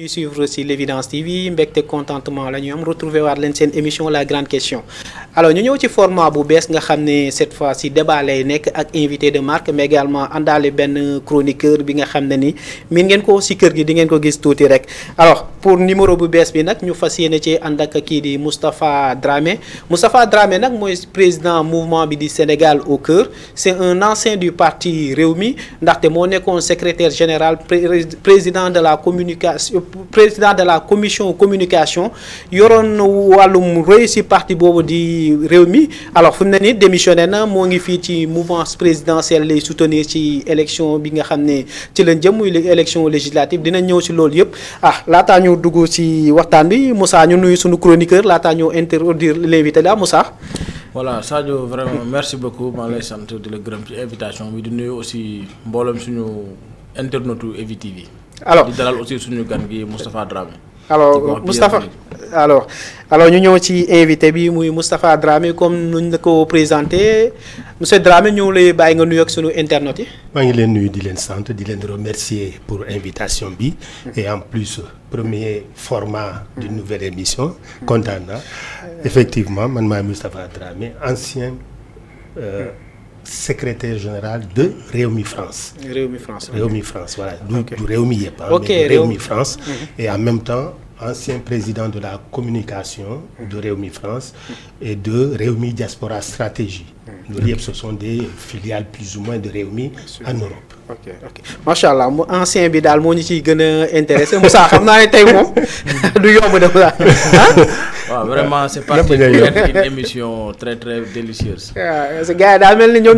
ñuy suivre ci l'Evidence TV mbégte contentement la am retrouver waat leen seen émission la grande question alors ñu ñëw ci format bu bees nga xam ne cette fois ci débat lay nekk ak invité de marque mais également àndaale benn chroniqueur bi nga xam ne ni miin ngeen ko ci kër gi di ngeen ko gis tuuti rek alors pour numéro bu bees bi nag ñu fas yéene ci ànd ak kii di Moustapha Dramé Moustapha Dramé nag mooy président mouvement bi di Sénégal au cœur c'est un ancien du parti Rewmi ndaxte moo président de la commission communication yoroon wàllum réussi parti boobu di réew mi alors fu mu ne nii démissionné na moo ngi fii ci mouvance présidentielle lay soutenir ci élection bi nga xam ne ci la jëm muy élection législative dina ñëw si loolu yëpp ah laataa ñu dugg si waxtaan bi Moussa ñu nuyu suñu chroniqueur laataa ñu introduire l'invité là Moussa. voilà Sadio vraiment merci beaucoup maa ngi lay sant di la gërëm ci invitation bi di nuyu aussi mboolem suñu internetu EVTV. alors di dalal aussi suñu gan gi Moustapha Dramé. alors Moustapha alors alors ñu ñëw ci invité bi muy Moustapha Dramé comme nuñ la ko présenté monsieur Dramé ñu lay bàyyi nga nuyu ak sunu internet yi. maa ngi leen nuyu di leen sant di leen remercier pour invitation bi. et en plus premier format. di mm-hmm. nouvelle émission. kontaan na mm-hmm. effectivement man maay Moustapha Dramé ancien. Euh, mm-hmm. secretaire général de Réumi France. Réumi France. Réumi France, voilà. Okay. Du, du Réumi Yep. Hein, France. Mm -hmm. Et en même temps, ancien président de la communication de Réumi France mhm. et de Réumi Diaspora Stratégie. Mhm. Le Yep, ce sont des filiales plus ou moins de Réumi en Europe. ok ok macha allah mu ancien bi daal moo ñu ciy gën a intéressé Moussa xam naa ne tey moom du yomb de Moussa waaw vraiment c'est parti pour une émission très très délicieuse. waaw ah, parce que gars yi daal mel nañ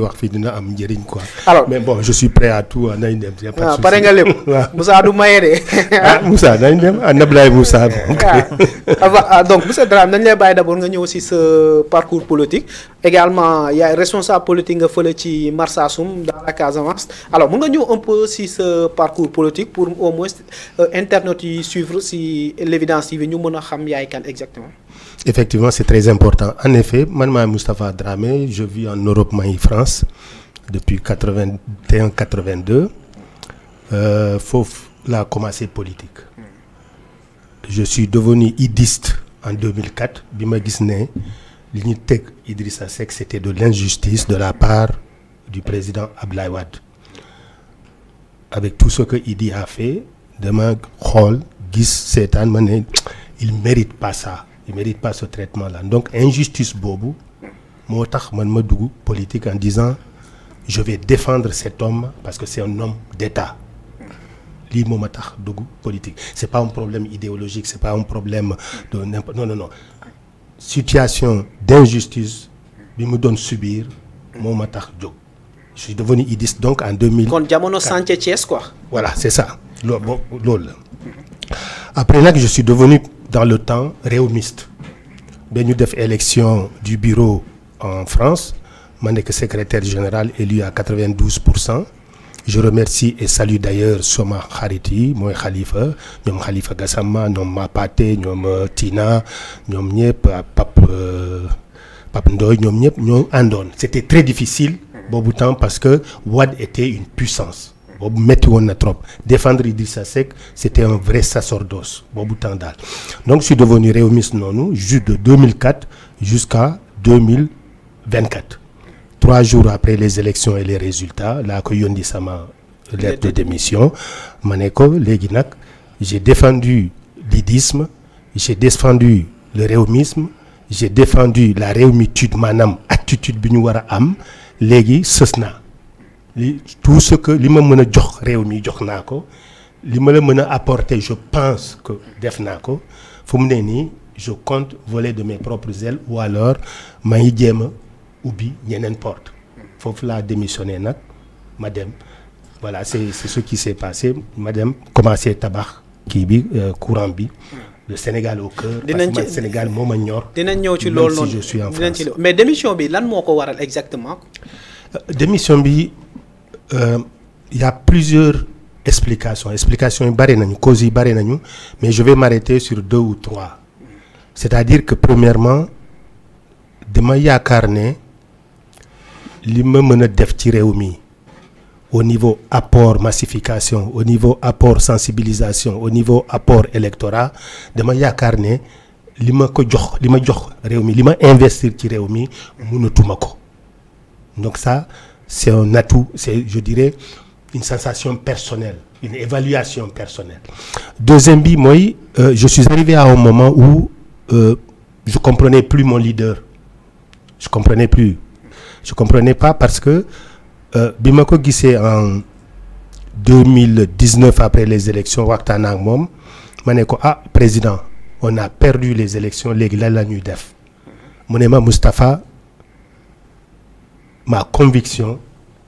wax fii dina am njëriñ quoi. alors mais bon je suis prêt à tout nañ dem. waaw ah, pare nga lépp waaw donc monsieur Dramé nañ lay bàyyi d'abord nga ñëw si sa parcours politique. politique également yaay responsable politique nga fële ci Marsassoum dans la Casamance alors mun nga ñëw un peu si sa parcours politique pour au moins euh, internautes yi suivre si l'évidence TV ñu mën a xam yaay kan exactement. effectivement c'est très important en effet man maay Moustapha Dramé je vis en Europe may France depuis 81 82 euh, foofu laa commencé politique je suis devenu idiste en bi ma gis ne. li ñu teg Idrissa Seck c' était de l'injustice de la part du président Abdoulaye Wade avec tout ce que Idi a fait dama xool gis seetaan ma ne il mérite pas ça il pas ce traitement là donc injustice boobu moo tax man ma dugg politique en disant je vais défendre cet homme parce que c'est un homme d'État lii moo ma tax dugg politique c'est pas un problème idéologique c'est pas un problème de n'importe non non situation d'injustice bi mu doon subir moo ma tax jóg je suis devenu IDIS donc en 2000. kon jamono Santhie Thiès quoi. voilà c'est ça loolu boobu loolu la après nag je suis devenu dans le temps réewmiste dañu def élection du bureau en France ma nekk secrétaire général élu à 92 pour cent. je remercie et salue d'ailleurs sama xarit yi mooy Khalifa ñoom Khalifa Gassama ñoom Mapate ñoom euh, Tina ñoom ñëpp euh, Pape euh, Pape Ndoye ñoom ñëpp ñoo àndoon c'était très difficile boobu temps parce que Wade était une puissance boobu metti woon na trop défendre Idrissa Seck c'était un vrai sacerdoce boobu temps daal donc je suis devenu réewmiste noonu juste de 2004 jusqu'à 2024 trois jours après les élections et les résultats laa ko di sama lettre de démission ma ne ko léegi nag j'ai défendu l'idisme j'ai défendu le réwmisme j'ai défendu la réwmitude maanaam attitude bi ñu war a am léegi sës naa li tout ce que li ma mën a jox réew mi jox naa ko li ma la mën a apporter je pense que def naa ko fu mu ne nii je compte voler de mes propres ailes ou alors maa ngi jéem a ubbi ñeneen porte foofu laa démissionné nag ma dem voilà c'est c'est ce qui s'est passé ma dem commencé tabax kii bi euh, courant bi le Sénégal au cœur. dinañ ci Sénégal moo ma ñor. dinañ ñëw ci loolu noonu je mais démission bi lan moo ko waral exactement. Euh, démission bi euh, y a plusieurs explications explications yi bari nañu causes yi bari nañu mais je vais m'arrêter sur deux ou trois c'est-à-dire que premièrement dama yaakaar ne. li ma mën a def ci réew mi au niveau apport massification au niveau apport sensibilisation au niveau apport électorat dama yaakaar ne li ma ko jox li ma jox réew mi li ma investir ci réew mi mënatuma ko donc ça c'est un atout c'est je dirais une sensation personnelle une évaluation personnelle deuxième bi mooy euh, je suis arrivé à un moment où euh, je comprenais plus mon leader je comprenais plus je comprenais pas parce que euh, bi ma ko gisee en 2019 après les élections waxtaan ak moom ma ne ko ah président on a perdu les élections léegi lan la ñuy def mu ne ma Moustapha ma conviction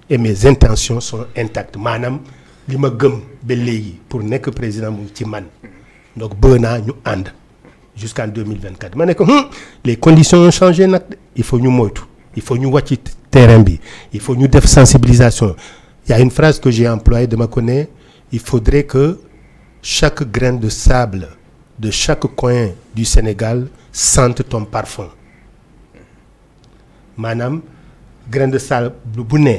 et mes intentions sont intactes maanaam li ma gëm ba léegi pour nekk président mu ci man donc bëgg naa ñu ànd jusqu'en 2024 ma ne ko hmm, les conditions ont changé nag il faut ñu moytu il faut ñu wàcc terrain bi il faut ñu def sensibilisation il y a une phrase que j'ai employée dama ko ne il faudrait que chaque grain de sable de chaque coin du Sénégal sente ton parfum maanaam grain de sable bu ne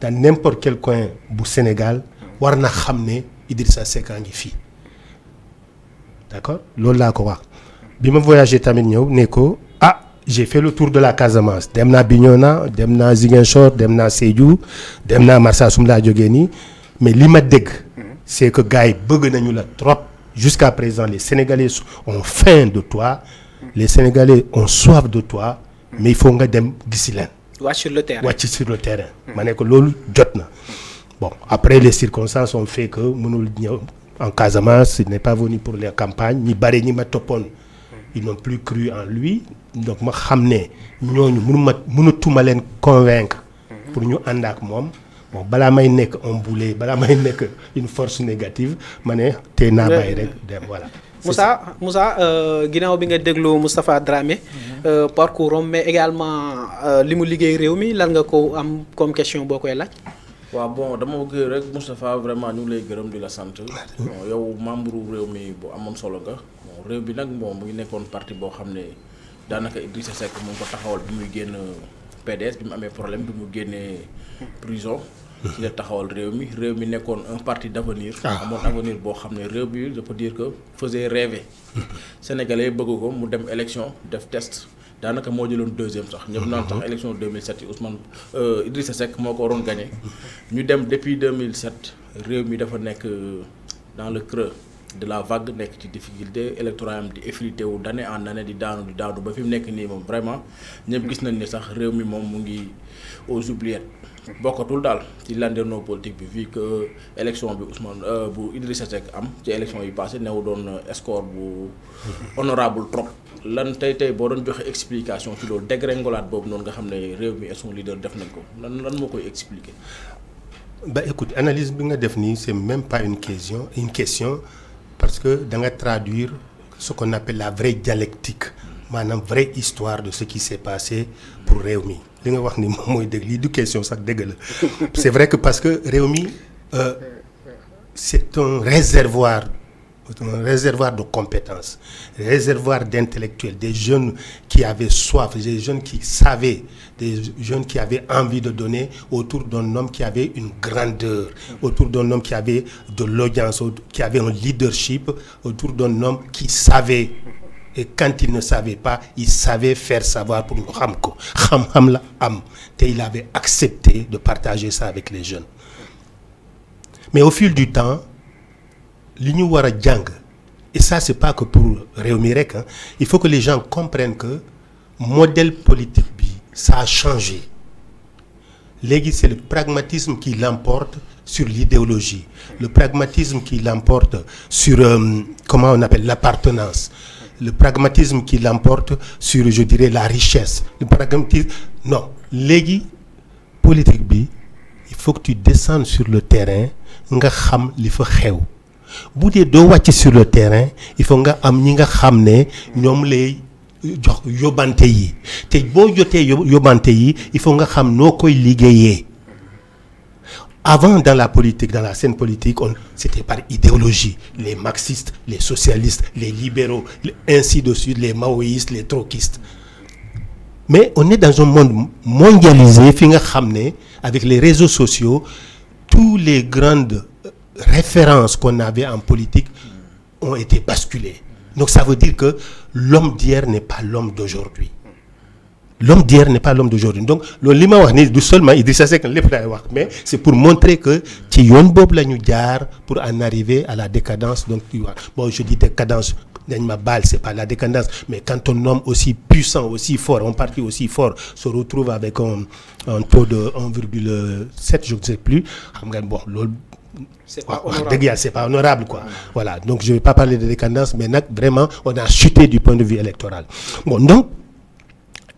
dans n'importe quel coin bu Sénégal war na xam ne Idrissa Seck a ngi fii d'accord loolu laa ko wax bi ma voyagé tamit ñëw ne ko j'ai fait le tour de la Casamance dem naa Bignona dem naa Ziguinchor dem naa Sédhiou dem naa Marsassoum la jogee nii mais li ma dégg c'est que gars yi bëgg nañu la trop jusqu'à présent les Sénégalais ont faim de toi les Sénégalais on soif de toit mais il faut nga dem gisi leen wàcc sur le terrain wàcc sur le terrain ma ne loolu jot na bon après les circonstances ont fait que mënul ñëw en Casamance il n'est pas venu pour les campagne ñi bari ñi ma toppoon ils n'ont plus cru en lui donc ma xam ne ñooñu mënu ma mënatuma leen convaincre pour ñu ànd ak moom bon balaa may nekk un boulet balaa may nekk une force négative ma ne tey naa bàyyi rek dem voilà Moussa euh, bi nga déglu Moustapha Dramé mhm. euh, parcours am mais également euh, li mu liggéey réew mi lan nga ko am comme question boo koy laaj waaw bon dama bëgg rek Moustapha vraiment ñu lay gërëm di la sant yow membre réew mi bu amoon solo nga réew bi nag moom mu ngi nekkoon parti boo xam ne daanaka Idrissa Seck mu moom ko taxawal bi muy génn PDS bi mu amee problème bi mu génnee prison. ci la taxawal réew mi réew mi nekkoon un parti d' avenir. Ah. amoon avenir boo xam ne réew bi je peux dire que faisait rêver. Sénégalais bëgg ko mu dem élection def test. daanaka moo jëloon deuxième sax. naa ñëpp deux sax élection 2007 yi Ousmane euh, Idrissa Seck moo ko waroon gagné. ñu dem depuis deux mille 2007 réew mi dafa nekk euh, dans le creux. de la vague nekk ci difficulté électoral am di effrité wu d'année en année di daanu di daanu ba fi mu nekk nii moom vraiment ñëpp gis nañ ni sax réew mi moom mu ngi aux oubliettes bokkatul daal ci landerneau politique bi vu que élection bi Ousmane euh, bu Idrissa Seck am ci élection yi passé newu doon score bu honorable trop lan tey tey boo doon joxe explication ci loolu ngolaat boobu noonu nga xam ne réew mi et son leader def nañ ko lan lan moo koy expliquer. ba écoute, analyse bi nga def nii c'est même pas une question parce que da nga traduire ce qu'on appelle la vraie dialectique maanaam vraie histoire de ce qui s'est passé pour réew mi li nga wax ni moom mooy dëgg lii du question sax dëgg la c'est vrai que parce que réew mi euh, c'est un réservoir un réservoir de compétences, réservoir d'intellectuels, des jeunes qui avaient soif, des jeunes qui savaient, des jeunes qui avaient envie de donner autour d'un homme qui avait une grandeur, autour d'un homme qui avait de l'audience, qui avait un leadership, autour d'un homme qui savait. et quand il ne savait pas il savait faire savoir pour ñu xam ko xam la am te il avait accepté de partager ça avec les jeunes mais au fil du temps li ñu war a jàng et ça c'est pas que pour réew mi rek il faut que les gens comprennent que modèle politique bi ça a changé léegi c'est le pragmatisme qui l'emporte sur l'idéologie le pragmatisme qui l'emporte sur euh, comment on appelle l'appartenance le pragmatisme qui l'emporte sur je dirais la richesse le pragmatisme non léegi politique bi il faut que tu descendes sur le terrain nga xam li fa xew bu doo wàcce sur le terrain il faut nga am ñi nga xam ne ñoom lay jox yóbbante yi te boo jotee yobante yi il faut nga xam noo koy liggéeye avant dans la politique dans la scène politique on c'était par idéologie les marxistes les socialistes les libéraux ainsi de suite les maoïstes les trotskistes mais on est dans un monde mondialisé fi nga xam ne avec les réseaux sociaux tous les grandes références qu'on avait en politique ont été basculées. Donc ça veut dire que l'homme d'hier n'est pas l'homme d'aujourd'hui. l'homme d'hier n'est pas l'homme d'aujourd'hui donc loolu li ma wax ni du seulement Idrissa Seck lépp laay wax mais c'est pour montrer que ci yoon boobu la ñu jaar pour en arriver à la décadence donc tu vois bon je dis décadence dañ ma baal c'est pas la décadence mais quand un homme aussi puissant aussi fort un parti aussi fort se retrouve avec un un taux de 1,7 je ne plus xam nga bon loolu c'est pas honorable dëgg yàlla c'est pas honorable quoi voilà donc je vais pas parler de décadence mais nag vraiment on a chuté du point de vue électoral bon donc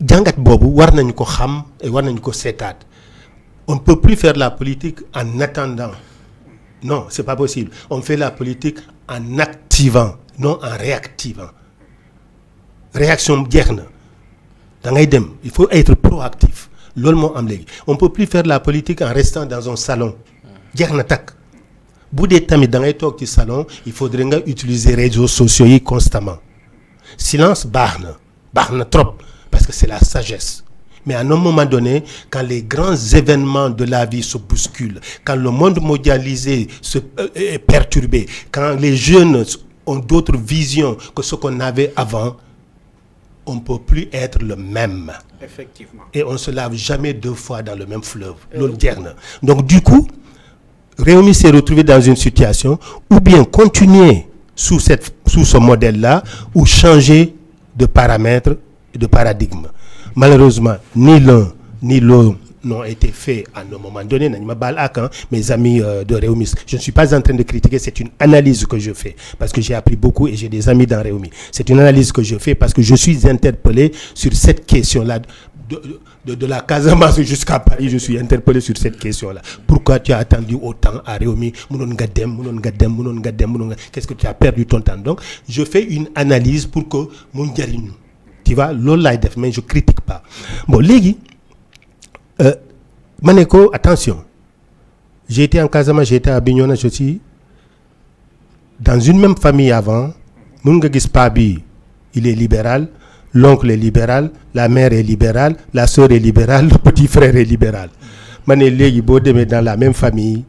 jàngat boobu war nañu ko xam et war nañu ko seetaat on ne peut plus faire la politique en attendant non c'est pas possible on fait la politique en activant non en réactivant réaction jeex na da ngay dem il faut être proactif loolu moo am léegi on peut plus faire la politique en restant dans un salon jeex na takk bu dee tamit da ngay toog ci salon il faudrait nga utiliser réseaux sociaux yi constamment silence baax na baax na trop parce que c'est la sagesse mais à un moment donné quand les grands événements de la vie se bousculent quand le monde mondialisé se euh, est perturbé quand les jeunes ont d'autres visions que ce qu'on avait avant on ne peut plus être le même. effectivement et on se lave jamais deux fois dans le même fleuve. Euh, loolu jeex na donc du coup. Réumi s'est retrouvé dans une situation ou bien continuer sous, cette, sous ce modèle-là ou changer de paramètre et de paradigme. Malheureusement, ni l'un ni l'autre n'ont été faits à un moment donné. mes amis euh, de Réumi. Je ne suis pas en train de critiquer, c'est une analyse que je fais parce que j'ai appris beaucoup et j'ai des amis dans Réumi. C'est une analyse que je fais parce que je suis interpellé sur cette question-là de, de, de la Casamance jusqu'à Paris je suis interpellé sur cette question là pourquoi tu as attendu autant à Rewmi mënoon nga dem mënoon nga dem mënoon nga dem mënoon nga qu'est-ce que tu as perdu ton donc je fais une analyse pour que mu njëriñu tu vois loolu laay def mais je critique pas bon léegi euh, ma ne attention j'ai été en Casamance j'ai été à Bignona je suis dans une même famille avant mën nga gis pa bi il est libéral l'oncle est libéral la mère est libérale la sœur est libérale le petit frère est libéral ma ne léegi boo demee dans la même famille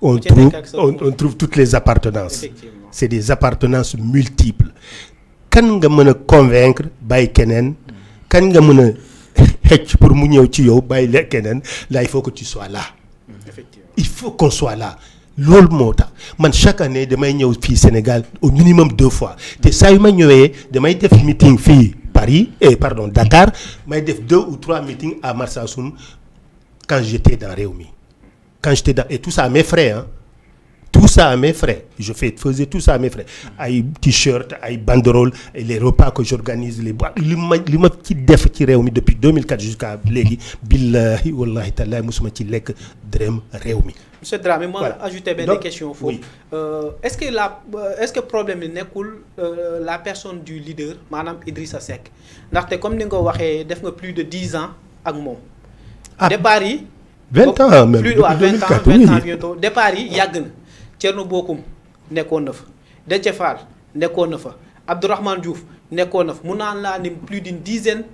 on trouve on, on trouve toutes les appartenances c'est des appartenances multiples kan nga mën a convaincre bàyyi keneen kan nga mën a xëcc pour mu ñëw ci yow bàyyi keneen là il faut que tu sois là il faut qu'on soit là loolu moo tax man chaque année damay ñëw fii Sénégal au minimum deux fois te saa yu ma ñëwee damay def meeting fii Paris eh pardon Dakar may def deux ou trois meetings à Marsassoum quand j'étais dans Rewmi quand j'étais dans et tout ça à mes frais hein tout ça à mes frais tout ça à mes frais ay t-shirt ay banderole et les repas que j'organise les boîtes li ma li ma ci def ci réew mi depuis 2004 jusqu'à léegi billahi wallahi taalaay musuma ci lekk réew mi monsieur Dramé ma ajouté benn question foofu euh, est-ce que la euh, est-ce que problème bi nekkul euh, la personne du leader maanaam Idrissa Seck ndaxte comme ni nga ko waxee def nga plus de dix ans ak moom ah. départ yi vingt ans même plus waaw yi yàgg na Thierno Bocoum nekkoon na fa Déthié Fall nekkoon na fa Abdourahmane Diouf nekkoon na fa mu naan laa ni plus d'une dizaine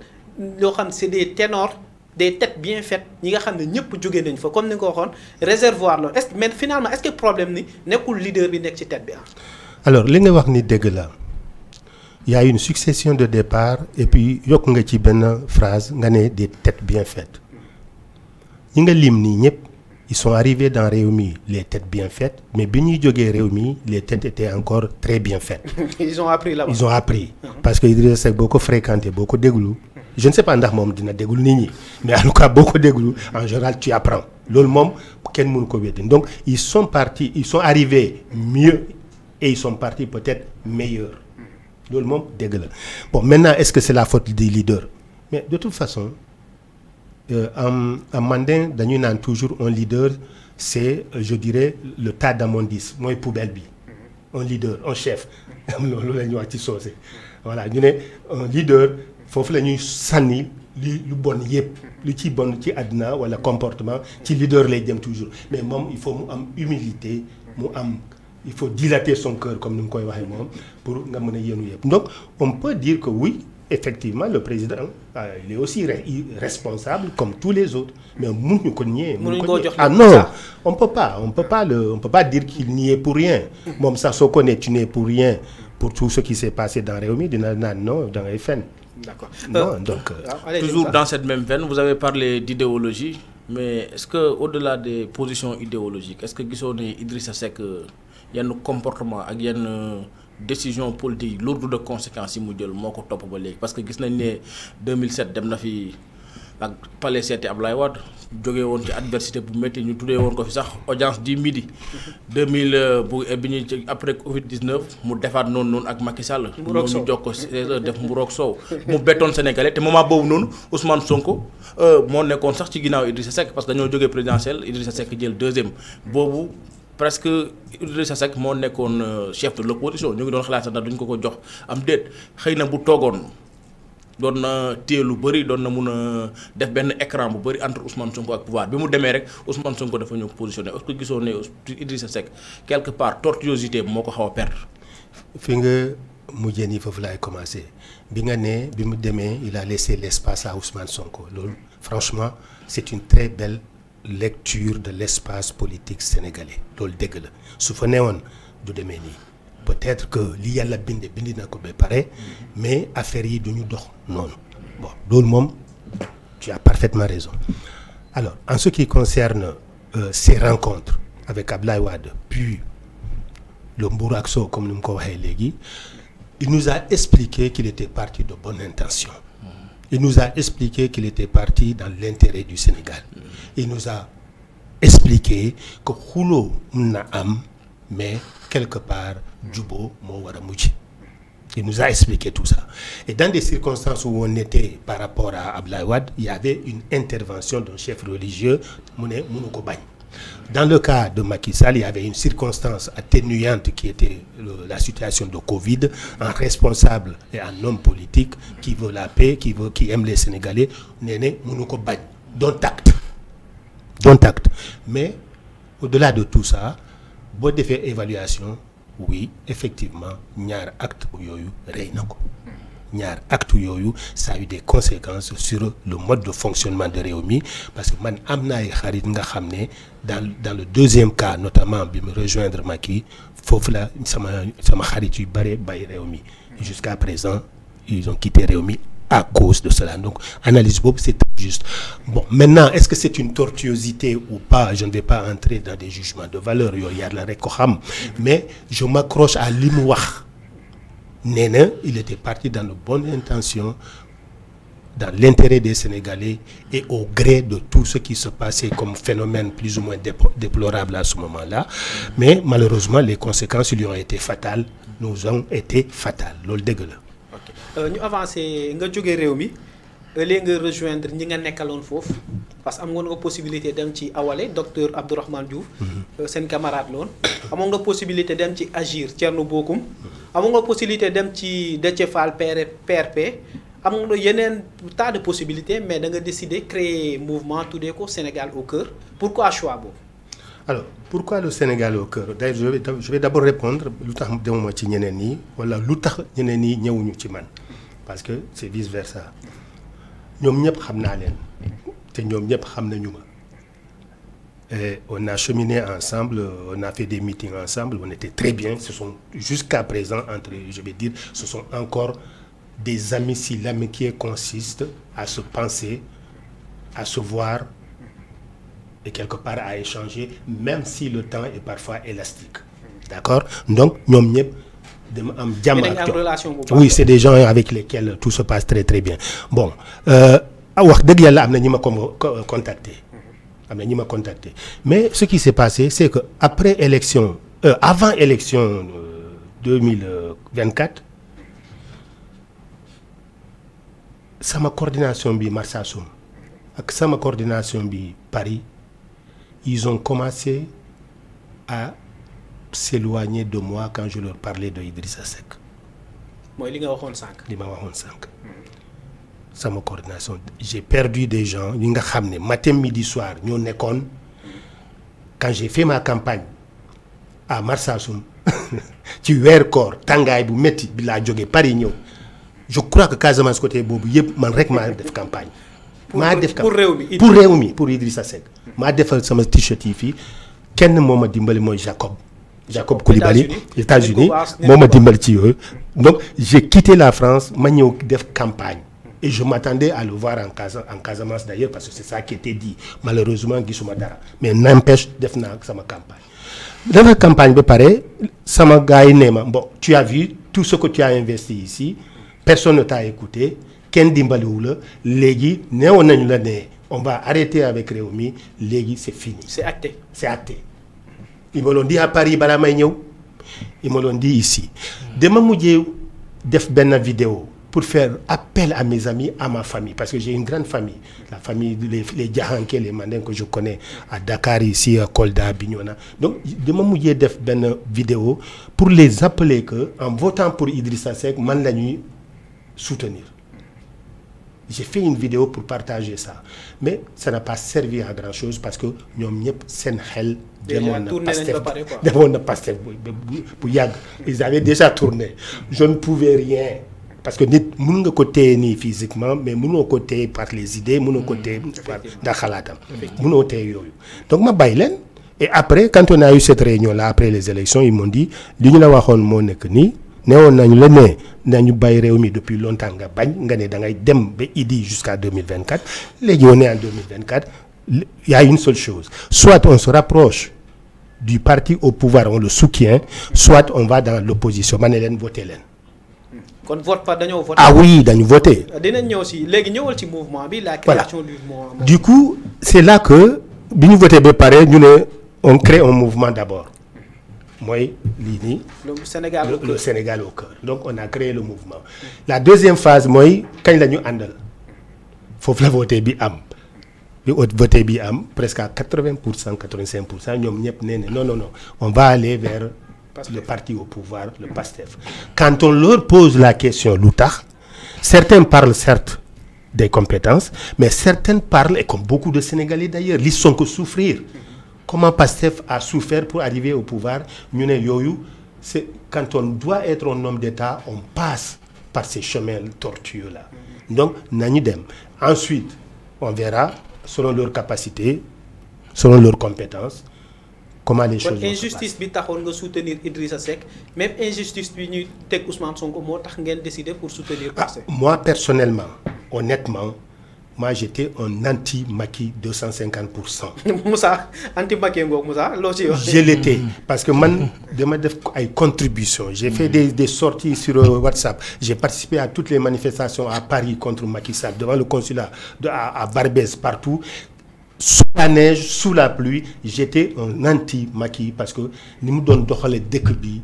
yoo xam c'est des ténors des têtes bien faites ñi nga xam ne ñëpp jóge nañ fa comme ni nga ko waxoon réservoir la est-ce mais finalement est-ce que problème ni nekkul leader bi nekk ci tête bi ah. alors li nga wax ni dëgg la y a une succession de départ et puis yokk nga ci benn phrase nga ne des têtes bien faites ñi nga lim nii ñëpp ils sont arrivés dans Rewmi les têtes bien faites mais bi ñuy jógee Rewmi les têtes étaient encore très bien faites. ils ont appris là-bas ils ont appris. Uh-huh. parce que Idrissa Seck boo ko fréquenté boo ko déglu. je ne sais pas ndax moom dina déglu nit ñi mais en tout ko déglu en général tu apprends loolu moom kenn mënu ko wéddi donc ils sont partis ils sont arrivés mieux et ils sont partis peut-être meilleurs loolu moom dégg bon maintenant est-ce que c'est la faute des leaders mais de toute façon euh, en en mandin dañuy naan toujours un leader c'est je dirais le tas d'immondices mooy poubelle bi un leader un chef loolu la ñuy voilà ñu un leader foofu la ñuy sànni li lu bon yépp lu ci bon ci àddina walla comportement ci leader lay jëm toujours mais moom il faut mu am humilité mu am il faut dilater son cœur comme ni mu koy waxee moom pour nga mën a yenu yëpp donc on peut dire que oui effectivement le président euh, il est aussi responsable comme tous les autres mais mënuñu ko nier mënuñu ko jox ah non on peut pas on peut pas dire qu'il n'y pour rien moom sax soo ko ne tu n'es pour rien pour tout ce qui s'est passé dans Rewmi naan non da ngay fen D'accord. Non, euh, donc, euh, ah, toujours dans cette même veine, vous avez parlé d'idéologie, mais est-ce que au-delà des positions idéologiques, est-ce que Guissone Idrissa Seck, il euh, ak yenn un comportement, il de a yi mu jël moo ko conséquences, ba léegi parce que gis nañ ne Guissone 2007, il y a ak palais seeti Ablaye Wade jóge woon ci adversité bu métti ñu tuddee woon ko fi sax audience du midi 2000 mhm. euh, bu eh, bi ñuy après Covid 19 mu defaat noonu noonu ak Macky Sall. mburoog soow ñu jox ko def mburoog soow. mu bettoon Sénégalais te moment boobu noonu Ousmane Sonko euh, moo nekkoon sax ci ginnaaw Idrissa Seck parce que dañoo jógee présidentielle Idrissa Seck jël deuxième boobu. presque sa Seck moo nekkoon euh, chef de l'opposition ñu ngi doon xalaat sax duñ ko ko jox am déet xëy na bu toogoon. doon na téye lu bari doon na mun a def benn écran bu bëri entre Ousmane Sonko ak pouvoir bi mu demee rek Ousmane Sonko dafa ñëw positionné est-ce que gisoo ne Idrissa Seck quelque part tortuosité moo ko xaw a perdre. fi nga mujjee nii foofu laay commencé bi nga ne bi mu demee il a laissé l'espace à Ousmane Sonko loolu franchement c'est une très belle lecture de l'espace politique sénégalais loolu dëgg la su fa nee woon du demee nii. peut-être que li yàlla binde bindi na ko ba pare mais affaire yi du ñu dox noonu bon loolu moom tu as parfaitement raison alors en ce qui concerne euh, ces rencontres avec Ablaye Wade puis le Mbour ak Sow comme ni mu ko waxee léegi il nous a expliqué qu'il était parti de bonne intention il nous a expliqué qu'il était parti dans l'intérêt du Sénégal il nous a expliqué que xuloo mun na am mais quelque part juboo moo war a mujj il nous a expliqué tout ça et dans des circonstances où on était par rapport à Abdoulaye Wade il y avait une intervention d'un chef religieux mu ne mënu ko bañ dans le cas de Macky il y avait une circonstance atténuante qui était la situation de Covid un responsable et un homme politique qui veut la paix qui veut qui aime les Sénégalais nee ne mënu ko bañ dont acte dont acte mais au-delà de tout ça boo defee évaluation oui effectivement ñaar acte yooyu rey na ko ñaar acte yooyu ça a eu des conséquences sur le mode de fonctionnement de Rewmi parce que man am na ay xarit nga xam ne dans dans le deuxième cas notamment bi mu rejoindre Macky foofu la sama sama xarit yu bare bay Rewmi jusqu'à présent ils ont réew Rewmi à cause de cela. Donc, analyse Bob, c'est juste. Bon, maintenant, est-ce que c'est une tortuosité ou pas Je ne vais pas entrer dans des jugements de valeur, mais je m'accroche à l'imouach. Néna, il était parti dans de bonnes intentions, dans l'intérêt des Sénégalais et au gré de tout ce qui se passait comme phénomène plus ou moins déplorable à ce moment-là. Mais malheureusement, les conséquences lui ont été fatales, nous ont été fatales. L'ol Euh, ñu avancé nga jóge réew mi euh, léegi nga rejoindre ñi nga nekkaloon foofu parce que am nga possibilité dem ci Awale docteur Abdourahmane Diouf. Mhm. Euh, seen camarade loon amoon nga possibilité dem ci Agir Thierno Bokum. amoon nga possibilité dem ci Déthié Fall PRP am nga yeneen tas de possibilité mais da nga décider créer mouvement tuddee ko Sénégal au cœur pourquoi choix boobu. alors pourquoi le Sénégal au cœur day je vais je vais d'abord répondre lu tax demuma ci ñeneen ñi wala lu tax ñeneen ñi ñëwuñu ci man parce que c'est vice versa ñoom ñëpp xam naa leen te ñoom ñëpp xam nañu ma Et on a cheminé ensemble, on a fait des meetings ensemble, on était très bien. Ce sont jusqu'à présent, entre, je vais dire, ce encore des amis si l'amitié consiste à se penser, à se voir, et quelque part à échanger même si le temps est parfois élastique d'accord donc ñoom ñëpp dama am jàmm ak relation oui c'est des gens avec lesquels tout se passe très très bien bon euh, ah, wax dëgg yàlla am na ñi ma ko contacté am na ñi ma contacté mais ce qui s'est passé c'est que après élection euh, avant élection 2024 sama coordination bi Marsassoum ak sama coordination bi Paris ils ont commencé à s'éloigner de moi quand je leur parlais de Idrissa Seck. mooy li nga waxoon sànq. li ma waxoon sànq. sama coordination j'ai perdu des gens yi nga xam ne matin midi soir ñoo nekkoon quand j'ai fait ma campagne à Marsassoum ci weer koor tàngaay bu métti bi laa jógee yi ñëw je crois que Casamance côté boobu yëpp man rek maa def campagne. maa def pour réew mi pour réew mi pour Idrissa Seck. maa defal sama t-shirt yi fii kenn moom a dimbali mooy Jacob. Jacob Koulibaly États-Unis moo a dimbali ci yooyu. donc j'ai quitté la France ma ñëw def campagne. et je m'attendais à le voir en Casa en parce que c'est ça qui était dit malheureusement gisuma dara mais n'empêche def naa sama campagne. dafa campagne ba pare sama gars yi nee ma bon tu as vu tout ce que tu as investi ici personne ne t'a écouté. kenn dimbaliwu la léegi neewoon nañu la ne on va arrêter avec Rewmi léegi c'est fini. c'est acté c'est acté. ils me l'ont dit à Paris balaa may ñëw ils me di dit ici. dama mujjee def benn vidéo pour faire appel à mes amis à ma famille parce que j'ai une grande famille la famille les les Diakhanké les Mandeng que je connais à Dakar ici à Kolda à Bignona donc dama mujjee def benn vidéo pour les appeler que en votant pour Idrissa Seck man la ñuy soutenir. j'ai fait une vidéo pour partager ça mais ça n'a pas servi à grand chose parce que ñoom ñëpp seen xel. demoon na Pastef demoon na Pastef bu bu yàgg. ils avaient déjà tourné je ne pouvais rien. parce que nit mun nga ko téye nii physiquement mais munoo ko téye par les idées munoo ko mm-hmm. téye par ndax xalaatam. munoo téye yooyu donc ma bàyyi leen. et après quand on a eu cette réunion là après les élections ils m'ont dit li ñu la waxoon moo nekk nii. newoon nañ la ne nañu bàyyi réew mi depuis longtemps nga bañ nga ne da ngay dem ba idi jusqu'à 2024 léegi on est en 2024 y a une seule chose soit on se rapproche du parti au pouvoir on le soutient soit on va dans l'opposition ma ne leen voté leen. kon vote pas dañoo voté. ah oui dañu voté. dinañ ñëw si léegi ñëwal ci mouvement bi la création du mouvement. du coup c'est là que bi ñu voté ba pare ñu ne on crée un mouvement d'abord. mooy lii nii. le Sénégal au cœur donc on a créé le mouvement. la deuxième phase mooy kañ la ñu àndal foofu la voté bi am. bi haute voté bi am presque à 80 pour cent 85 pour cent ñoom ñëpp nee na non no non on va aller vers. le parti au pouvoir le PASTEF. quand on leur pose la question lu tax certains parlent certes des compétences mais certains parlent et comme beaucoup de Sénégalais d'ailleurs li Sonko souffrir. comment Pastef a souffert pour arriver au pouvoir ñu ne yooyu c'est quand on doit être un homme d'État on passe par ces chemins tortueux là donc na ñu dem ensuite on verra selon leur capacité selon leur compétence comment les choses vont se injustice bi taxoon nga soutenir Idrissa Seck même injustice bi ñu teg Ousmane Sonko moo tax ngeen décider pour soutenir ah, Pastef moi personnellement honnêtement moi j'étais un anti Macky 250 pour cent. Moussa anti Macky ngoog Moussa loo ciy wax. je parce que man dama def ay contributions. j'ai fait des des sorties sur euh, WhatsApp j'ai participé à toutes les manifestations à Paris contre maki Sall devant le consulat de à à Barbès partout. sous la neige sous la pluie j'étais un anti Macky parce que ni mu doon doxalee dëkk bi.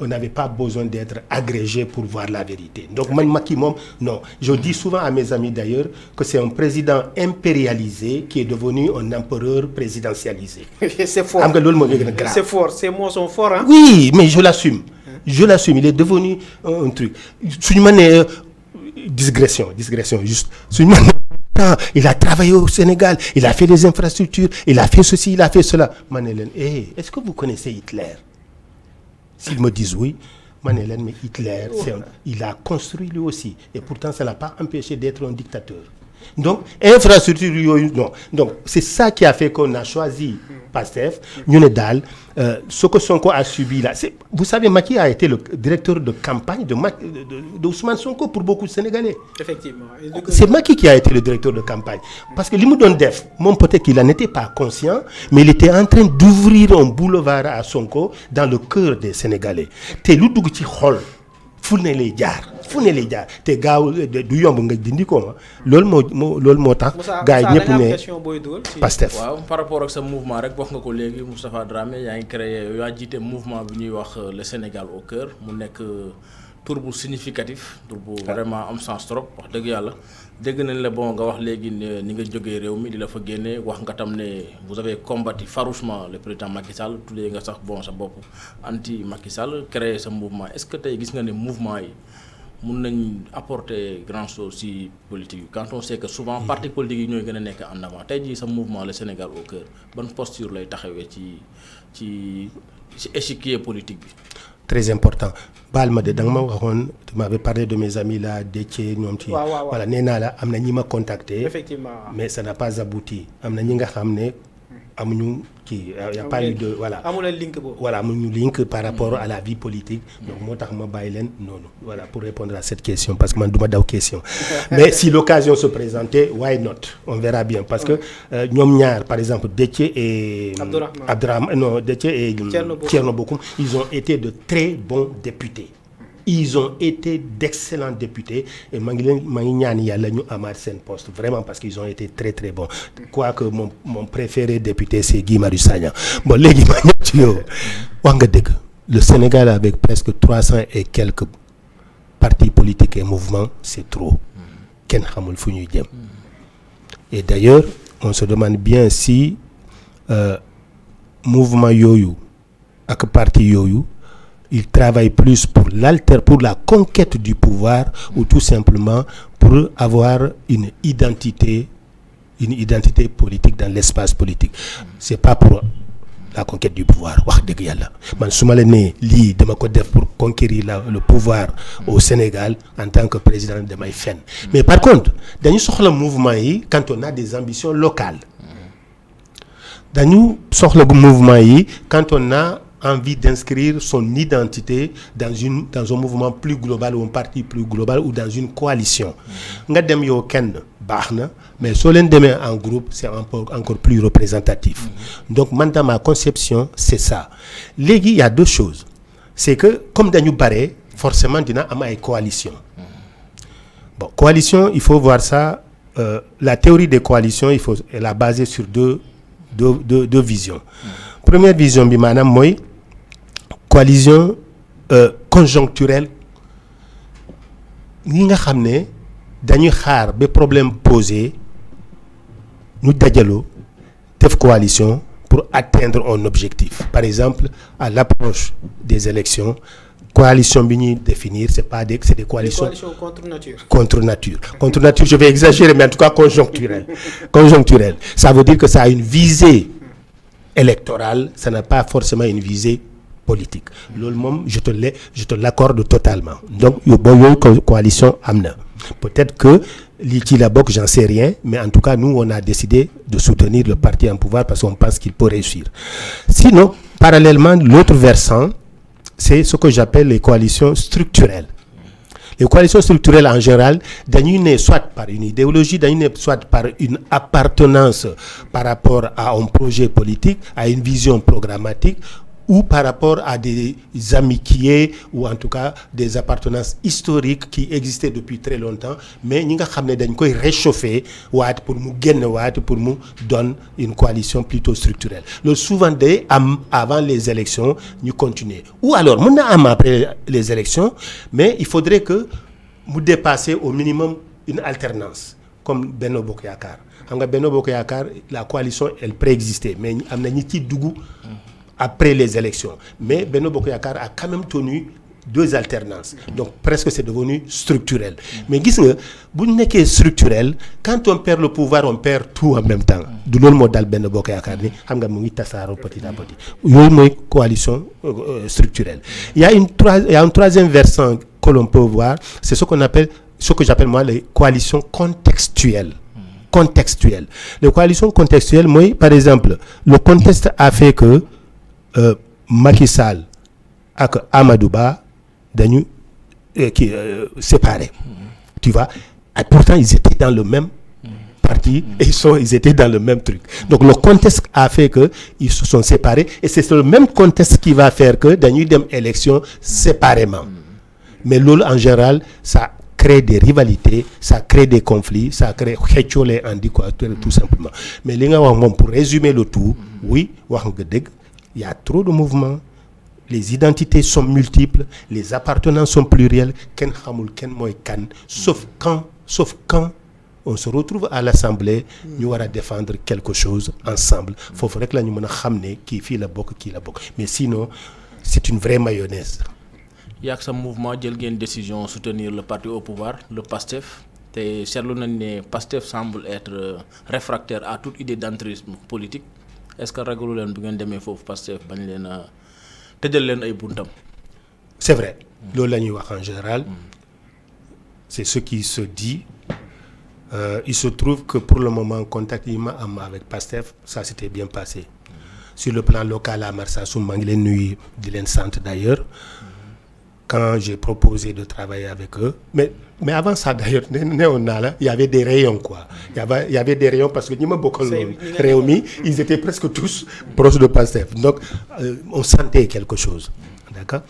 on n'avait pas besoin d'être agrégé pour voir la vérité donc man Macky moom non je dis souvent à mes amis d'ailleurs que c'est un président impérialisé qui est devenu un empereur présidentialisé c'est fort xam nga loolu moo ñu gën a grave c'est fort ces mots sont forts hein oui mais je l'assume je l'assume il est devenu un truc suñu ma nee euh, digression digression juste suñu ma nee il a travaillé au Sénégal il a fait des infrastructures il a fait ceci il a fait cela ma ne leen eh est-ce que vous connaissez Hitler S'ils me disent oui, ma ne leen mais Hitler, c'est, il a construit lui aussi et pourtant ça l'a pas empêché d'être un dictateur. donc infrastructure yooyu non donc c'est ça qui a fait qu'on a choisi PASTEF ñu ne daal euh, ce que Sonko a subi là c'est vous savez Macky a été le directeur de campagne de Macky de Ousmane Sonko pour beaucoup de Sénégalais. effectivement c'est Macky qui a été le directeur de campagne. parce que li mu doon def moom peut-être qu'il n'en était pas conscient mais il était en train d'ouvrir un boulevard à Sonko dans le cœur des Sénégalais te lu dugg ci xol fu ne lay jaar. fu ne lay jaar te gaaw du yomb nga dindi ko ma ah. loolu moo moo loolu moo tax. gaa yi ñëpp ne Pastef waaw par rapport ak sa mouvement rek wax nga ko léegi Moustapha Dramé yaa ngi créé yaa jiite mouvement bi ñuy wax euh, le Sénégal au cœur mu nekk euh, tur bu significatif. tur bu ah. vraiment am sens trop wax dëgg yàlla. dégg nañ la bon nga wax léegi ni nga jógee réew mi di la fa génne wax nga tam ne vous avez combattu farouchement le président Macky Sall tuddee nga sax bon sa bopp anti Macky Sall créé sa mouvement est-ce que tey gis nga ne mouvement yi. mun nañ apporter grand chose ci politique yi quand on sait que souvent mm-hmm. parti politique yi ñooy gën a nekk en avant tey jii sa mouvement le Sénégal au cœur ban posture lay taxawee ci ci ci échiquier politique bi. très important baal ma de da nga ma waxoon tu m'avais parlé de mes amis là Déthié ñoom ci. voilà nee naa la am na ñi ma contacté. effectivement mais ça n'a pas abouti am na ñi nga xam ne mm. amuñu. kii euh, y' a pas eu de voilà. amul link boobu voilà amuñu link par hmm. rapport à la vie politique. Hmm. donc moo tax ma bàyyi leen noonu. voilà pour répondre à cette question parce que man du ma daw question. mais si l'occasion se présentait why not on verra bien parce que hmm. euh, ñoom ñaar par exemple Déthié et. Abdourahmane Abdourahmane non Déthié et. Thierno Bocoum ils ont été de très bons députés. ils ont été d'excellents députés et ma ngi leen maa ngi ñaan yàlla ñu amaat seen poste vraiment parce qu'ils ont été très très bons quoique mon mon préféré député c'est Guy Marius Sagna bon léegi ma ñëw ci yow wax nga dëgg le Sénégal avec presque trois cent et quelques partis politiques et mouvements c'est trop kenn xamul fu ñuy jëm et d'ailleurs on se demande bien si euh, mouvement yooyu ak parti yooyu il travaille plus pour l'alter, pour la conquête du pouvoir ou tout simplement pour avoir une identité, une identité politique dans l'espace politique. C'est pas pour la conquête du pouvoir wax dëgg yàlla man su ma la lii dama ko def pour conquérir la le pouvoir au Sénégal en tant que président damay fenn mais par contre dañu soxla mouvement yi quand on a des ambitions locales dañu soxla mouvement yi quand on a envie d'inscrire son identité dans une dans un mouvement plus global ou un parti plus global ou dans une coalition nga dem yow kenn baax na mais soo leen demee en groupe c'est encore plus représentatif donc man dans ma conception c'est ça léegi il y a deux choses c'est que comme dañu bare forcément dina am ay coalition bon coalition il faut voir ça euh, la théorie des coalitions il faut la baser sur deux deux deux, deux visions première vision bi maanaam mooy coalition euh, conjoncturelle ñi nga xam ne dañuy xaar ba problème posé ñu dajaloo def coalition pour atteindre un objectif par exemple à l'approche des élections coalition bi ñuy définir c'est pas des c'est des coalitions contre nature contre nature contre nature je vais exagérer mais en tout cas conjoncturelle conjoncturelle ça veut dire que ça a une visée électorale ça n'a pas forcément une visée politique loolu moom je te le je te l'accorde totalement donc yo boo yooyu coalition am na peut-être que lii ci la bokk j'en sais rien mais en tout cas nous on a décidé de soutenir le parti en pouvoir parce qu'on pense qu'il peut réussir sinon parallèlement l'autre versant c'est ce que j'appelle les coalitions structurelles les coalitions structurelles en général dañuy ne soit par une idéologie dañuy ne soit par une appartenance par rapport à un projet politique à une vision programmatique ou par rapport à des amitiés ou en tout cas des appartenances historiques qui existaient depuis très longtemps mais ñi nga xam ne dañ koy réchauffer waat pour mu génn waat pour mu donne une coalition pluto structurelle loolu souvent day am avant les élections ñu continuer ou alors mën na am après les élections mais il faudrait que mu dépasser au minimum une alternance comme Benno Bokk Yaakaar xam nga Benno Bokk Yaakaar la coalition elle préexistait mais am na ci dugg après les élections. Mais Beno Bokoyakar a quand même tenu deux alternances. Donc presque c'est devenu structurel. Mais gis voyez, bu on est structurel, quand on perd le pouvoir, on perd tout en même temps. C'est ce modèle Beno Bokoyakar, on a tassaro petit à petit. Il y a une coalition euh, structurelle. Il y a, une, il y a un troisième versant que l'on peut voir, c'est ce qu'on appelle, ce que j'appelle moi les coalitions contextuelles contextuelles. Les par exemple, le contexte Euh, Macky Sall ak Amadou Ba dañu euh, kii euh, séparé mm-hmm. tu vois et pourtant ils étaient dans le même mm-hmm. parti mm-hmm. et ils sont ils étaient dans le même truc donc le contexte a fait que ils se sont séparés et c'est le même contexte qui va faire que dañuy dem élection séparément mais loolu en général ça crée des rivalités ça crée des conflits ça crée xëccoo lay andi quoi tout simplement mais li nga wax moom pour résumer le tout oui wax nga dëgg il y a trop de mouvements les identités sont multiples les appartenances sont plurielles kenn xamul kenn mooy kann sauf quand sauf quand on se retrouve à l'assemblée ñu war a défendre quelque chose ensemble foofu rek la ñu mën a xam ne kii fii la bokk kii la bokk mais sinon c'est une vraie mayonnaise yaag sa mouvement jël ngeen décision soutenir le parti au pouvoir le PASTEF te seetlu nañ ne PASTEF semble être euh, réfractaire à toute idée d'entrisme politique est-ce que ragalu leen bu ngeen demee foofu Pastef bañ leen a tëjal leen ay buntam. c'est vrai mm. loolu la ñuy wax en général. Mm. c'est ce qui se dit euh, il se trouve que pour le moment contact yi ma am avec Pastef ça s'était bien passé. Mm. sur le plan local à Marsassoum maa ngi leen nuyu di leen sant d'ailleurs. quand j'ai proposé de travailler avec eux. Mais, mais avant ça, d'ailleurs, la y avait des rayons, quoi. Il y avait, il y des rayons parce que Nima Bokol Réumi, tous proches de PASTEF. Donc, euh, on sentait quelque chose. D'accord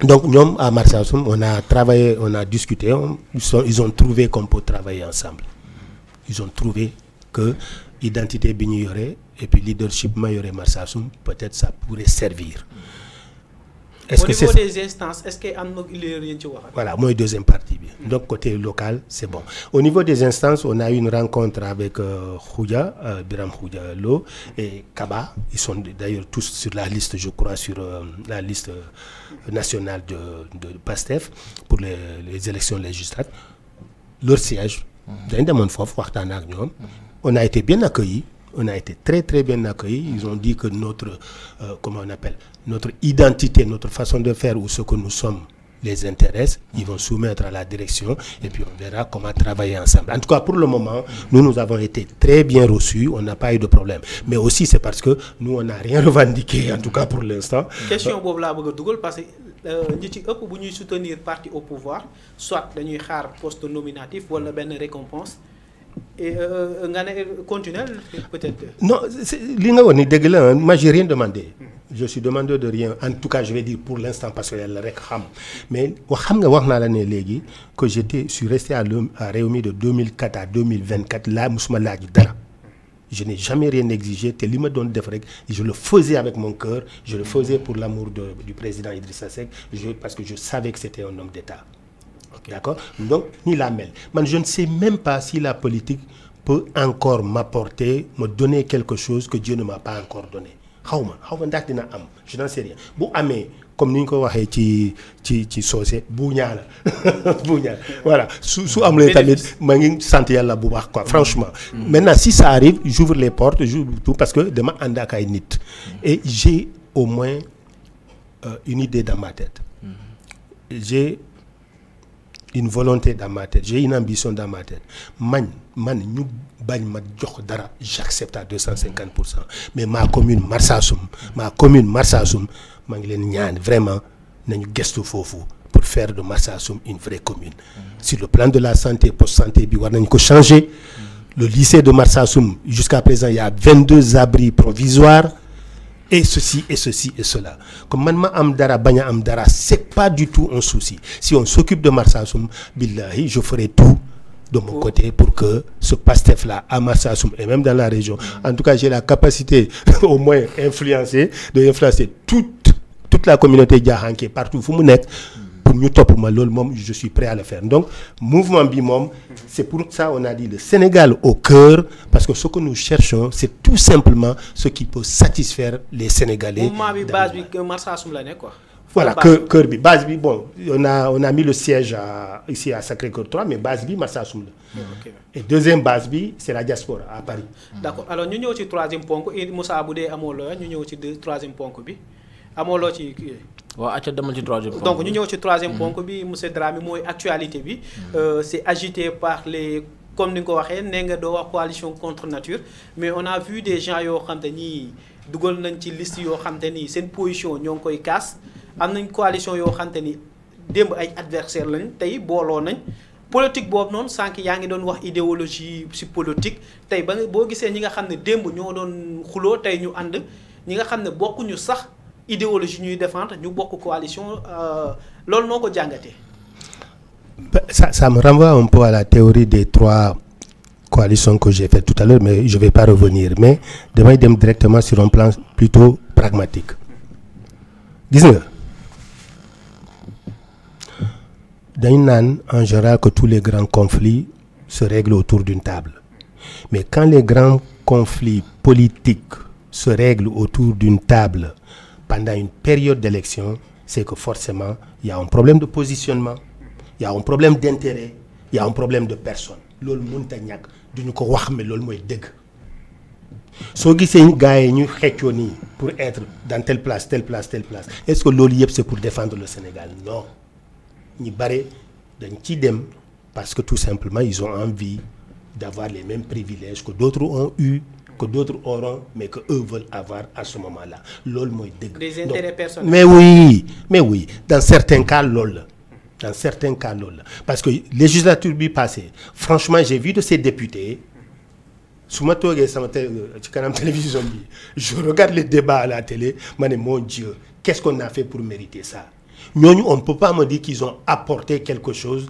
donc, nous, à Marsasum, on a travaillé, on a discuté, on, ils, ont, ils, ont trouvé qu'on peut travailler ensemble. Ils ont trouvé que l'identité Bignoré et puis leadership Mayoré Marsasum, peut-être ça pourrait servir. est-ce que c'est niveau des instances est-ce que lu ñu ci wax. voilà mooy deuxième partie bi. Hmm. côté local c'est bon au niveau des instances on a eu une rencontre avec euh, Khoudia euh, Biram Khoudia Lo et Kaba ils sont d'ailleurs tous sur la liste je crois sur euh, la liste euh, nationale de de PASTEF pour les les élections législatives leur siège. Hmm. dañ demoon foofu waxtaan ak ñoom. Hmm. on a été bien accueillis. on a été très très bien accueillis. Ils ont dit que euh, notre, identité, notre façon de faire ou ce que nous sommes les intéresse. Ils vont soumettre à la direction et puis on verra comment travailler ensemble. En tout cas, pour le moment, nous, nous avons été très bien reçus. On n'a pas eu de problème. Mais aussi, c'est parce que nous, on n'a rien revendiqué, en tout cas pour l'instant. Question boobu laa bëgg a parce que euh, ñu ci ëpp bu ñuy soutenir parti au pouvoir soit dañuy xaar poste Euh, nga ne continuer peut-être. non li nga wax ni dëgg la moi j'ai rien demandé. je suis demandeur de rien en tout cas je vais dire pour l'instant parce que yàlla rek xam mais wax xam nga wax naa la ne léegi que j'étais je suis resté à Rewmi de 2004 à 2024 laa musuma laaj dara. je n'ai jamais rien exigé te li ma doon def rek je le faisais avec mon cœur je le faisais pour l'amour de du président Idrissa Seck parce que je savais que c'était un homme d'État. D'accord Donc, ni la mêle. je ne sais même pas si la politique peut encore m'apporter, me donner quelque chose que Dieu ne m'a pas encore donné. Je na sais rien. Bon, amé, comme nous l'avons dit, ci ci soose bu ñaa la bu ñaa voilà su su amulee tamit ma ngi sant yàlla bu baax quoi mm. franchement mm. maintenant si ça arrive j'ouvre les portes jou tou parce que dama ànd ak ay nit et j'ai au moins euh, une idée dans ma tête mm. j'ai une volonté dans ma tête j'ai une ambition dans ma tête man ñu bañ ma jox dara j'accepte à 250 pour cent mais ma commune Marsassoum ma commune Marsassoum maa ngi leen ñaan vraiment nañu gestu foofu pour faire de Marsassoum une vraie commune mm-hmm. sur le plan de la sante poste sante bi war nañ ko changer mm-hmm. le lycée de Marsassoum jusqu'à présent il y a 22 abris provisoires et ceci et ceci et cela comme man ma am dara bañ a am dara c'est pas du tout un souci si on s'occupe de Marsassoum billahi je ferai tout de mon oh. côté pour que ce pastef là à Marsassoum et même dans la région en tout cas j'ai la capacité au moins influencer de influencer toute toute la communauté jaaxaan partout fu mu nekk pour ñu topp ma loolu moom je suis prêt à le faire donc mouvement bi moom c'est pour ça on a dit le Sénégal au cœur parce que ce que nous cherchons c'est tout simplement ce qui peut satisfaire les Sénégalais mouvement bi base bi Marsassoum la nekk quoi voilà que cœur bi base bi bon on a on a mis le siège à ici à Sacré-Cœur 3 mais base bi Marsassoum la et deuxième base bi c'est la diaspora à Paris d'accord alors ñu ñëw ci troisième ponk Moussa bu dee amoo looya ñu ñëw ci troisième ponk bi amoo loo ci kii. waaw acca demal ci troisième ponk donc ñu ñëw ci troisième mm-hmm. ponk bi monsieur Dramé mooy actualité bi. Mm-hmm. Euh, c'est agité par les comme ni nga ko waxee nee nga doo wax coalition contre nature mais on a vu des gens yoo xam nii dugal nañ ci liste yoo xam te ni seen position ñoo ngi koy kaas am nañ coalition yoo xam te ni démb ay adversaire lañ tey booloo nañ. politique boobu noonu sànq yaa ngi doon wax idéologie ci politique tey ba nga boo gisee ñi nga xam ne démb ñoo doon xuloo tey ñu ànd ñi nga xam ne bokkuñu sax. idéologie ñuy défendre ñu bokk coalition euh, loolu noo ko jàngate ça ça me renvoie un peu à la théorie des trois coalitions que j'ai fait tout à l'heure mais je vais pas revenir mais damay dem directement sur un plan plutôt pragmatique gis nga dañ naan en général que tous les grands conflits se règlent autour d'une table mais quand les grands conflits politiques se règlent autour d'une table pendant une période d'élection, c'est que forcément, il y a un problème de positionnement, il y a un problème d'intérêt, il y un problème de personne. loolu mënut a ñàkk duñu ko wax mais loolu mooy dëgg soo gisee gars yi ñu xeccoo nii pour être dans telle place telle place telle place est-ce que loolu yëpp c'est pour défendre le Sénégal non ñu bare dañ ciy dem parce que tout simplement ils ont envie d'avoir les mêmes privilèges que d'autres ont eu que d'autres auront mais que eux veulent avoir à ce moment-là loolu mooy dëgg. des mais oui mais oui dans certains cas loolu la. dans certains cas loolu la parce que législature bi passée franchement j'ai vu de ces députés su ma toogee sama télé euh, ci kanam télévision bi je regarde les débats à la télé ma ne mon Dieu qu'est-ce qu'on a fait pour mériter ça ñooñu on peut pas me dire qu'ils ont apporté quelque chose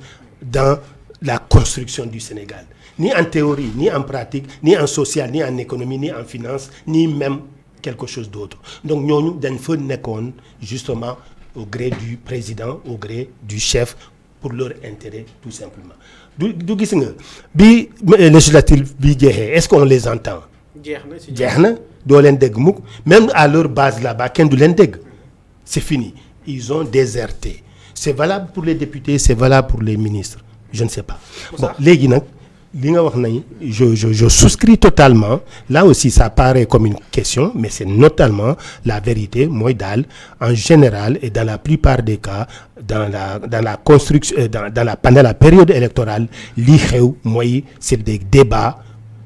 la construction du Sénégal. Ni en théorie, ni en pratique, ni en social, ni en économie, ni en finance, ni même quelque chose d'autre. Donc den nous avons justement au gré du président, au gré du chef, pour leur intérêt tout simplement. du gis nga bi législative bi jeexee est-ce qu'on les entend. jeex na si jeex na doo leen dégg mukk même à leur base là-bas kenn du leen dégg c'est fini ils ont déserté c'est valable pour les députés c'est valable pour les ministres je ne sais pas bon léegi nag li nga wax nañ je je je souscris totalement là aussi ça paraît comme une question mais c'est notamment la vérité mooy daal en général et dans la plupart des cas dans la dans la construction euh, dans dans la pendant la période électorale li xew mooy c'est des débats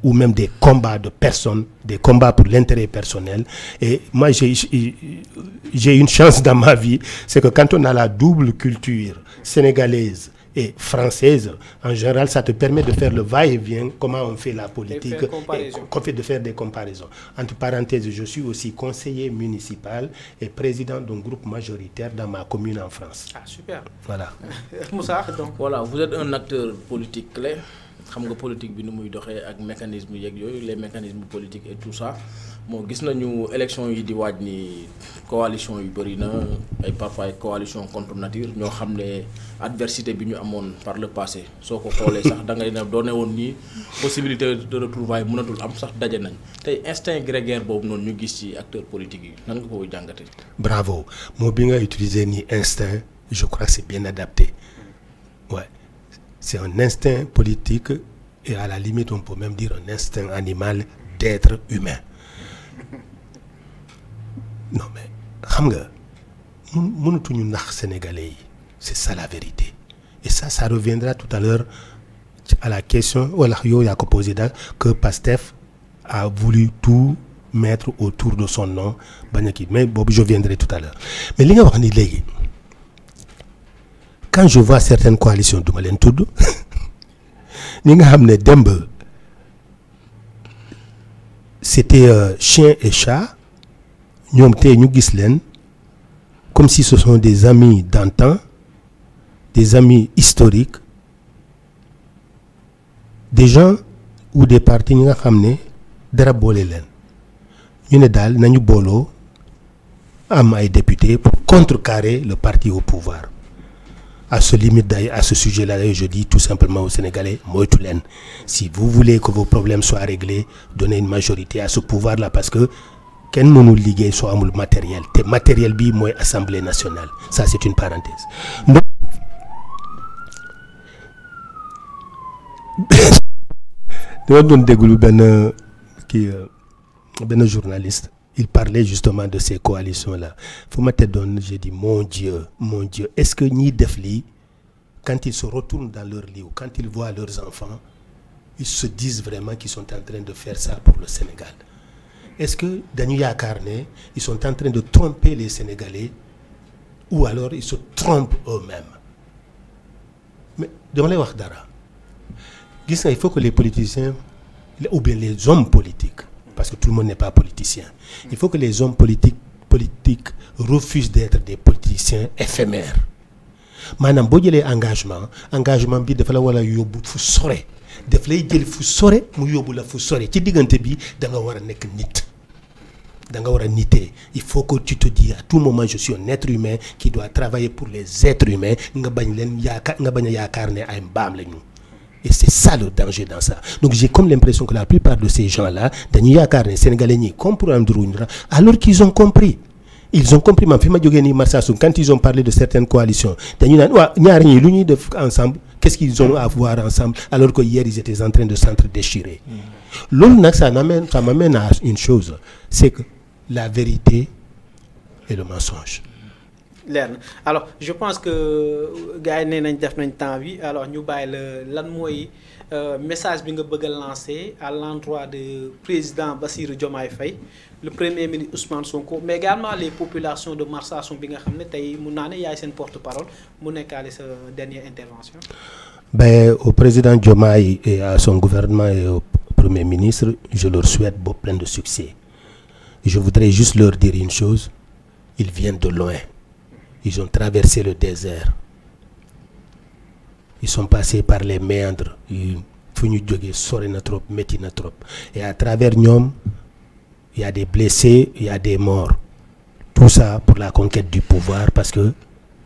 ou même des combats de personnes des combats pour l'intérêt personnel et moi j'ai une chance dans ma vie c'est que quand on a la double culture sénégalaise et française, en général, ça te permet de faire le va-et-vient, comment on fait la politique, et faire et de faire des comparaisons. Entre parenthèses, je suis aussi conseiller municipal et président d'un groupe majoritaire dans ma commune en France. Ah, super. Voilà. Moussa, donc. Voilà, vous êtes un acteur politique clé. Vous savez politique, les mécanismes, les mécanismes politiques et tout ça. moo gis nañu élection yi di waaj nii coalition yu bëri na ay parfois coalition contre nature ñoo xam ne adversité bi ñu amoon par le passé soo ko xoolee sax da ngay ne doone woon nii possibilité de retrouvaille mënatul am sax daje nañ tey instinct grégaire boobu noonu ñu gis ci acteur politiques yi nan nga ko jàngate bravo moo bi nga utiliser nii instinct je crois c'est bien adapté ouais c'est un instinct politique et à la limite on peut même dire un instinct animal non mais xam nga mun mënatuñu nax sénégalais yi c'est ça la vérité et ça ça reviendra tout à l'heure à la question wala yow yaa ko posé daal que Pastef a voulu tout mettre autour de son nom bañ a kii mais boobu je viendrai tout à l'heure mais li nga wax ni léegi quand je vois certaines coalitions duma leen tudd nga xam ne demb c'était euh, chien et chat ñoom tey ñu gis leen comme si ce sont des amis d'antan des amis historiques des gens ou des partis ñi nga xam ne dara boole leen ñu ne daal nañu booloo am ay députés pour contrecarrer le parti au pouvoir à ce limite d'ailleurs à ce sujet-là je dis tout simplement aux Sénégalais moytu leen si vous voulez que vos problèmes soient réglés donnez une majorité à ce pouvoir-là parce que kenn mënul liggéey soo amul matériel te matériel bi mooy assemblée nationale ça c'est une parenthèse donc dama doon déglu benn kii euh, benn journaliste il parlait justement de ces coalitions la fu ma teddoon j'ai dit mon Dieu mon Dieu est-ce que ñiy def lii quand ils se retournent dans leur li ou quand ils voient leurs enfants ils se disent vraiment qu'ils sont en train de faire ça pour le Sénégal est-ce que dañu yaakaar ne ils sont en train de tromper les Sénégalais ou alors ils se trompent eux-mêmes dama lay wax dara gis nga il faut que les politiciens ou bien les hommes politique parce que tout le monde n'est pas politicien il faut que les hommes politiques politique refusent d'être des politiciens éphémères maanaam boo jëlee engagement engagement bi dafa la war a yóbbu fu sore daf lay jël fu sore mu yóbbu la fu sore ci diggante bi da war a nekk nit danga war a nitee il faut que tu te dis à tout moment je suis un être humain qui doit travailler pour les êtres humains nga bañ leen a yaakaar ne ay mbaam la ñu et c'est ça le danger dans ça donc j'ai comme l'impression que la plupart de ces gens là dañu yaakaar ne sénégalais ñi comprendre wuñu la alors qu'ils ont compris ils ont compris man fi ma jógee nii Marsassoum quand ils ont parlé de certaines coalitions dañu naan waa ñaar ñii lu ñuy de sentre la vérité et le mensonge. leer na alors je pense que euh, gars yi nee nañ def nañ temps bi alors ñu bàyyi la lan mooy euh, message bi nga bëgg a à l'endroit de président Bassirou Diomaye Faye le premier ministre Ousmane Sonko mais également les populations de Marsassoum bi nga xam ne tey mun naa ne yaay seen porte-parole mu nekkaale sa dernière intervention. ben au président Diomaye et à son gouvernement et au premier ministre je leur souhaite beau plein de Je voudrais juste leur dire une chose. Ils viennent de loin. Ils ont traversé le désert. Ils sont passés par les méandres fu ñu jógee sori na trop métti na trop et à travers ñoom il y a des blessés il y a des morts tout ça pour la conquête du pouvoir parce que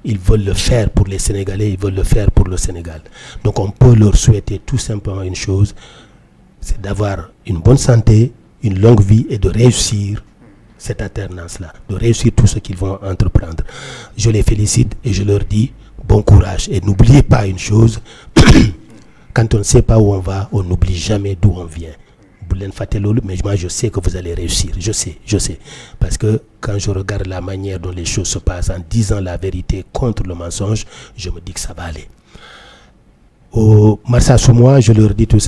ils veulent le faire pour les Sénégalais ils veulent le faire pour le Sénégal donc on peut leur souhaiter tout simplement une chose c'est d'avoir une bonne santé une longue vie et de réussir cette alternance-là, de réussir tout ce qu'ils vont entreprendre. Je les félicite et je leur dis bon courage. Et n'oubliez pas une chose, quand on ne sait pas où on va, on n'oublie jamais d'où on vient. Mais je sais que vous allez réussir. Je sais, je Parce que quand je regarde la manière dont les choses se passent en disant la vérité contre le mensonge, je me dis que ça va aller. Au Marsa moi, je leur dis tout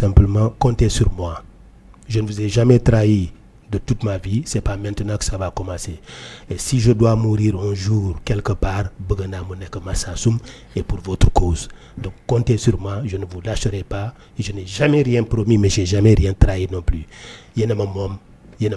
je ne vous ai jamais trahi de toute ma vie c'est pas maintenant que ça va commencer et si je dois mourir un jour quelque part bëgg naa mu nekk Massassoum et pour votre cause donc comptez sur moi je ne vous lâcherai pas et je n'ai jamais rien promis mais j'ai jamais rien trahi non plus yéen a ma a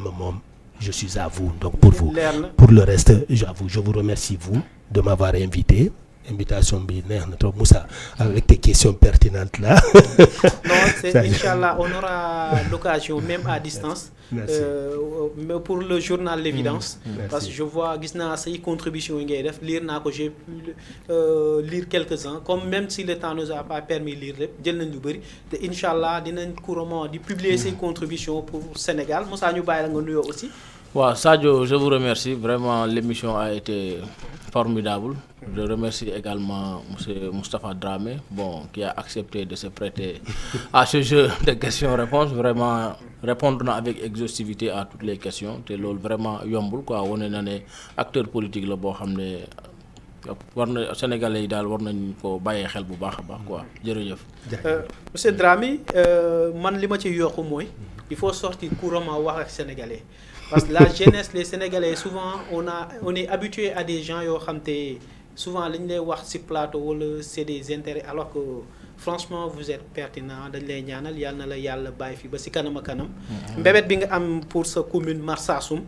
moom je suis à vous donc pour vous pour le reste j'avoue je vous remercie vous de m'avoir invité invitation bi neex na trop Moussa avec tes questions pertinentes là. non c'est inchallah on aura l'occasion même à distance. Merci. Euh, pour le journal mm, l'évidence. Mmh, parce que je vois gis naa say contribution yi ngay def lire naa ko j'ai pu euh, quelques-uns comme même si le temps nous a pas permis lire lépp jël nañ lu bëri te inchallah dinañ couramment di publier mmh. say contributions pour Sénégal Moussa ñu bàyyi la nga nuyoo aussi. waaw Sadio je vous remercie vraiment l'émission a été formidable je remercie également monsieur Moustapha Dramé bon qui a accepté de se prêter à ce jeu de questions-réponses vraiment répondre na avec exhaustivité à toutes les questions te loolu vraiment yombul quoi wane na ne acteur politique la boo xam ne war na sénégalais yi daal war nañ ko bàyyee xel bu baax a baax quoi jërëjëf. Euh, monsieur Dramé euh, man li ma ci yokk mooy il faut sortir couramment wax ak sénégalais. parce que la jeunesse les sénégalais souvent on a on est habitué à des gens yoo xam te souvent li ñu lay wax ci plateau wala c'est des intérêts alors que franchement vous êtes pertinent dañ lay ñaanal yàlla na la yàlla bàyyi fi ba ci kanam a kanam. Mm-hmm. mbébét bi nga am pour sa commune Marsassoum.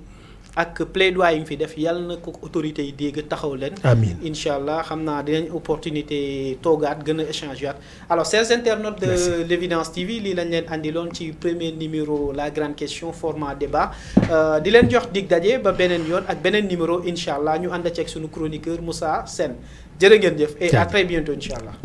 ak plaidoyer yi mu fi def yàlla na ko autorités yi dégg taxaw leen. amiin incha allah xam naa dinañ opportunité toogaat gën a échanger waat alors chers internautes de l' TV lii lañ leen indiloon ci premier numéro la grande question format débat euh, di leen jox dig daje ba beneen yoon ak beneen numéro incha allah ñu ànd ceeg suñu chroniqueur Moussa seen jërë ngeen jëf. et à très allah.